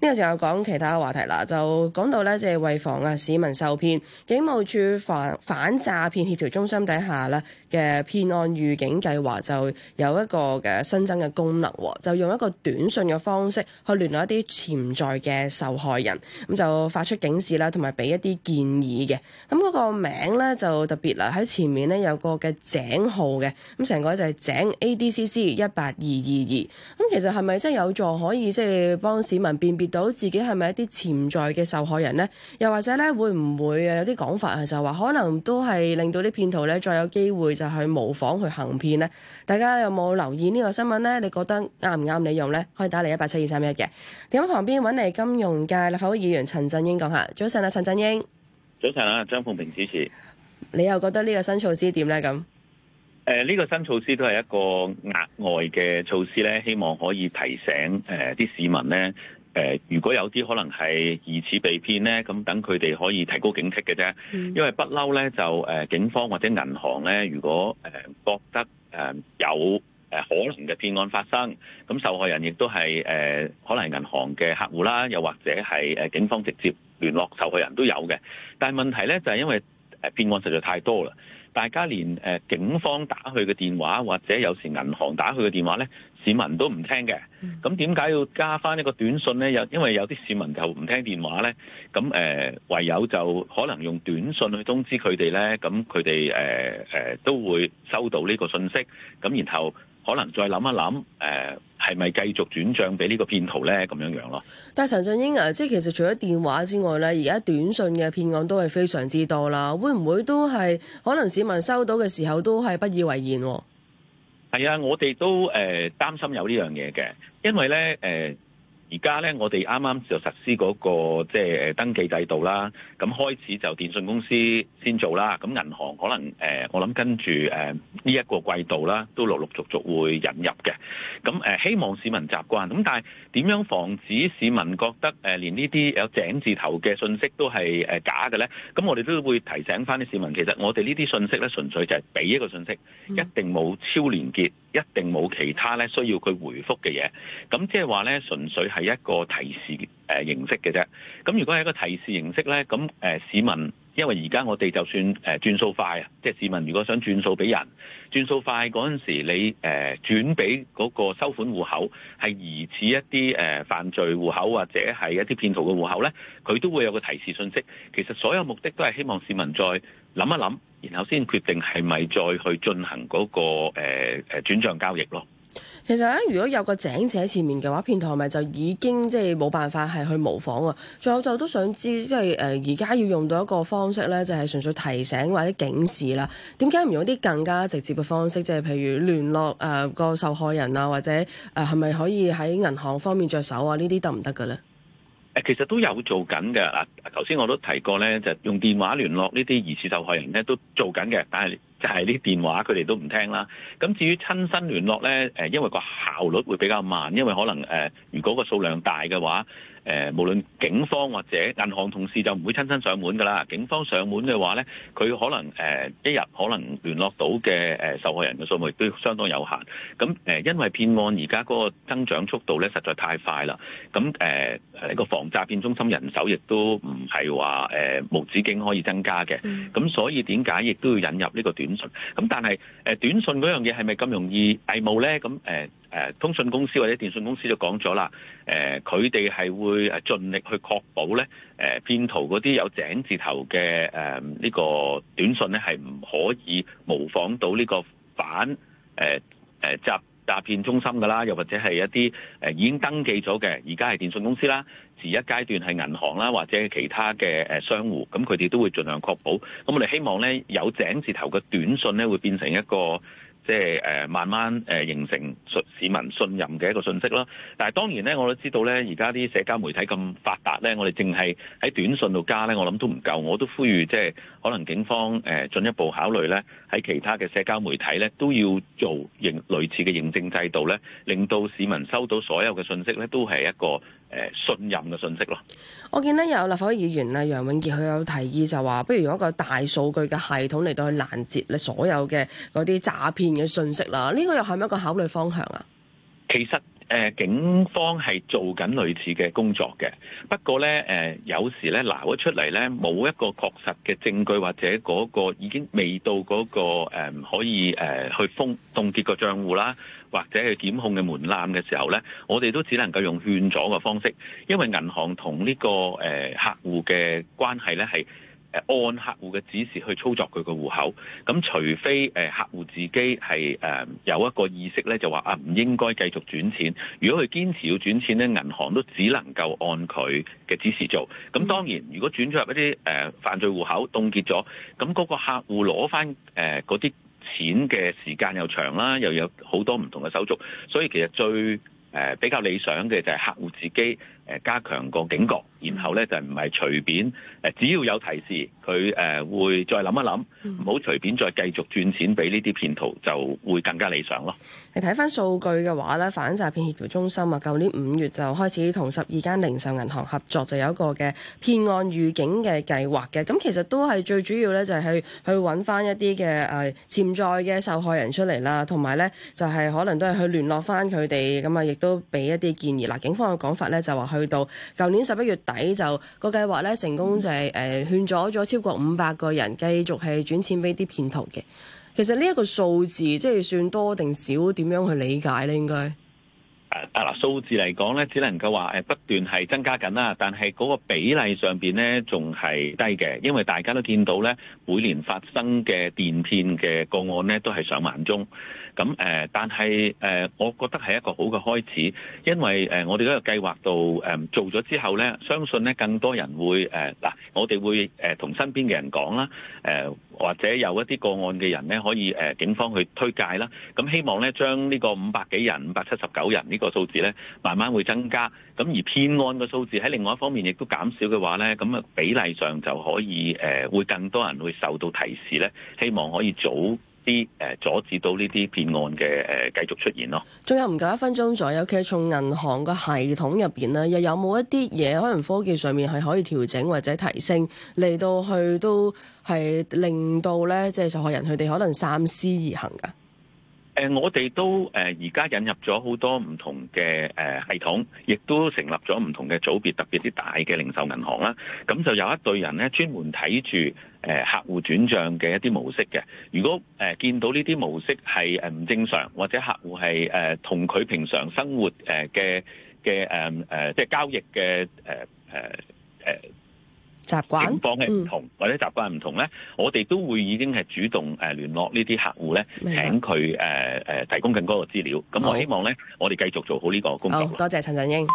呢個時候講其他話題啦，就講到咧，即係為防啊市民受騙，警務處反反詐騙協調中心底下咧嘅騙案預警計劃就有一個嘅新增嘅功能，就用一個短信嘅方式去聯絡一啲潛在嘅受害人，咁就發出警示啦，同埋俾一啲建議嘅。咁、那、嗰個名咧就特別啦，喺前面咧有個嘅井號嘅，咁成個就係井 ADCC 一八二二二。咁其實係咪真係有助可以即係幫市民辨別到自己係咪一啲潛在嘅受害人咧？又或者咧會唔會誒有啲講法係就話可能都係令到啲騙徒咧再有機會？就是、去模仿去行騙咧，大家有冇留意呢個新聞咧？你覺得啱唔啱你用咧？可以打嚟一八七二三一嘅。點喺旁邊揾嚟，金融界立法會議員陳振英講下。早晨啊，陳振英。早晨啊，張鳳平主持。你又覺得呢個新措施點咧？咁、呃、誒，呢、呢個新措施都係一個額外嘅措施咧，希望可以提醒誒啲、呃、市民咧。誒，如果有啲可能係疑似被騙咧，咁等佢哋可以提高警惕嘅啫。嗯。因為不嬲咧，就警方或者銀行咧，如果誒覺得誒有可能嘅騙案發生，咁受害人亦都係誒可能係銀行嘅客戶啦，又或者係警方直接聯絡受害人，都有嘅。但係問題咧就係因為誒騙案實在太多啦。大家連誒警方打佢嘅電話，或者有時銀行打佢嘅電話咧，市民都唔聽嘅。咁點解要加返呢個短信咧？有因為有啲市民就唔聽電話咧，咁誒唯有就可能用短信去通知佢哋咧。咁佢哋誒誒都會收到呢個信息。咁然後。可能再諗一諗，誒係咪繼續轉帳俾呢個騙徒咧？咁樣樣咯。但係陳振英啊，即係其實除咗電話之外咧，而家短信嘅騙案都係非常之多啦。會唔會都係可能市民收到嘅時候都係不以為然？係啊，我哋都誒、呃、擔心有呢樣嘢嘅，因為咧誒。呃而家咧，我哋啱啱就實施嗰個即係誒登記制度啦。咁開始就電信公司先做啦。咁銀行可能誒，我諗跟住誒呢一個季度啦，都陸陸續續會引入嘅。咁誒希望市民習慣。咁但係點樣防止市民覺得誒連呢啲有井字頭嘅信息都係誒假嘅咧？咁我哋都會提醒翻啲市民，其實我哋呢啲信息咧，純粹就係俾一個信息，一定冇超連結。嗯。一定冇其他咧需要佢回覆嘅嘢，咁即係話咧，純粹係一個提示形式嘅啫。咁如果係一個提示形式咧，咁、呃、市民，因為而家我哋就算誒、呃、轉數快，即係市民如果想轉數俾人，轉數快嗰陣時你誒、呃、轉俾嗰個收款戶口，係疑似一啲、呃、犯罪戶口或者係一啲騙徒嘅戶口咧，佢都會有個提示信息。其實所有目的都係希望市民再諗一諗。然後先決定係咪再去進行嗰，那個誒誒轉賬交易咯。其實咧，如果有個井字喺前面嘅話，騙徒咪就已經即係冇辦法係去模仿啊？仲有就都想知道，即係誒而家要用到一個方式咧，就係，是，純粹提醒或者警示啦。點解唔用啲更加直接嘅方式，即係譬如聯絡誒，呃、個受害人啊，或者誒係咪可以喺銀行方面着手啊？這些行不行呢啲得唔得嘅咧？其實都有做緊嘅啊，頭先我都提過咧，就用電話聯絡呢啲疑似受害人咧都做緊嘅，但係就係呢啲電話佢哋都唔聽啦。咁至於親身聯絡咧，誒，因為個效率會比較慢，因為可能誒，如果個數量大嘅話，誒，無論警方或者銀行同事就唔會親身上門㗎啦。警方上門嘅話咧，佢可能誒一日可能聯絡到嘅誒受害人嘅數目亦都相當有限。咁誒，因為騙案而家嗰個增長速度咧實在太快啦。咁誒。呢個防詐騙中心人手亦都唔係話誒無止境可以增加嘅，咁、嗯、所以點解亦都要引入呢個短訊？咁但係誒短訊嗰樣嘢係咪咁容易偽冒咧？咁誒誒通訊公司或者電訊公司就講咗啦，誒佢哋係會誒盡力去確保咧誒騙徒嗰啲有井字頭嘅誒呢個短訊咧係唔可以模仿到呢個反誒誒詐，就係詐騙中心噶啦，又或者係一啲誒已經登記咗嘅，而家係電信公司啦，遲一階段係銀行啦，或者其他嘅誒商戶，咁佢哋都會盡量確保。咁我哋希望呢，有井字頭嘅短信呢，會變成一個即係誒慢慢誒形成市民信任嘅一個信息啦。但係當然呢，我都知道呢，而家啲社交媒體咁發達。咧，我哋淨係喺短信度加咧，我諗都唔夠。我都呼籲，即係可能警方誒、呃、進一步考慮咧，喺其他嘅社交媒體咧，都要做認類似嘅認證制度咧，令到市民收到所有嘅信息咧，都係一個誒、呃、信任嘅信息咯。我見到有立法會議員啊，楊永傑佢有提議就話，不如用一個大數據嘅系統嚟到去攔截你所有嘅嗰啲詐騙嘅信息啦。呢、這個又係咪一個考慮方向啊？其實。誒，警方係做緊類似嘅工作嘅，不過呢，誒有時呢拿咗出嚟呢，冇一個確實嘅證據，或者嗰個已經未到嗰、嗰個可以誒去封凍結個賬戶啦，或者去檢控嘅門檻嘅時候呢，我哋都只能夠用勸阻嘅方式，因為銀行同呢個誒客戶嘅關係呢係。按客戶嘅指示去操作佢個戶口，咁除非客戶自己係有一個意識咧，就話啊唔應該繼續轉錢。如果佢堅持要轉錢咧，銀行都只能夠按佢嘅指示做。咁當然，如果轉咗入一啲犯罪戶口，凍結咗，咁嗰個客戶攞翻誒嗰啲錢嘅時間又長啦，又有好多唔同嘅手續。所以其實最比較理想嘅就係客戶自己。加強個警覺，然後咧就唔係隨便，只要有提示，佢誒會再諗一諗，唔好隨便再繼續轉錢俾呢啲騙徒，就會更加理想咯。你睇翻數據嘅話咧，反詐騙協調中心啊，舊年五月就開始同十二間零售銀行合作，就有一個嘅騙案預警嘅計劃嘅。咁其實都係最主要咧，就係去去搵翻一啲嘅誒潛在嘅受害人出嚟啦，同埋咧就係可能都係去聯絡翻佢哋，咁啊亦都俾一啲建議。嗱，警方嘅講法咧就話去。去到，舊年十一月底就、個計劃咧成功、就是，就係誒勸阻咗超過五百個人繼續係轉錢俾啲騙徒嘅。其實呢一個數字，即係算多定少，點樣去理解咧？應該。誒嗱數字嚟講咧，只能夠話誒不斷係增加緊啦。但係嗰個比例上邊咧，仲係低嘅，因為大家都見到咧，每年發生嘅電騙嘅個案咧，都係上萬宗。咁誒，但係誒，我覺得係一個好嘅開始，因為誒，我哋嗰個計劃度誒做咗之後咧，相信咧更多人會誒嗱，我哋會誒同身邊嘅人講啦，誒。或者有一啲個案嘅人咧，可以誒警方去推介啦。咁希望咧，將呢個五百幾人、五百七十九人呢個數字咧，慢慢會增加。咁而偏案騙案嘅數字喺另外一方面亦都減少嘅話咧，咁啊比例上就可以誒，會更多人會受到提示咧。希望可以早，啲誒阻止到呢啲騙案嘅誒繼續出現咯。仲有唔夠一分鐘左右，其實從銀行嘅系統入面呢，又有冇一啲嘢可能科技上面係可以調整或者提升嚟到去都係令到呢，即係受害人佢哋可能三思而行噶？誒，我哋都誒而家引入咗好多唔同嘅誒系統，亦都成立咗唔同嘅組別，特別啲大嘅零售銀行啦。咁就有一隊人咧，專門睇住誒客戶轉帳嘅一啲模式嘅。如果誒見到呢啲模式係誒唔正常，或者客戶係誒同佢平常生活誒嘅嘅誒誒，即係、嗯呃就是、交易嘅誒誒誒。呃呃警方係唔同、嗯、或者習慣唔同咧，我哋都會已經係主動誒、呃、聯絡呢啲客戶咧，請佢誒誒提供更多嘅資料。咁我希望咧、哦，我哋繼續做好呢個工作。哦、多謝陳振英。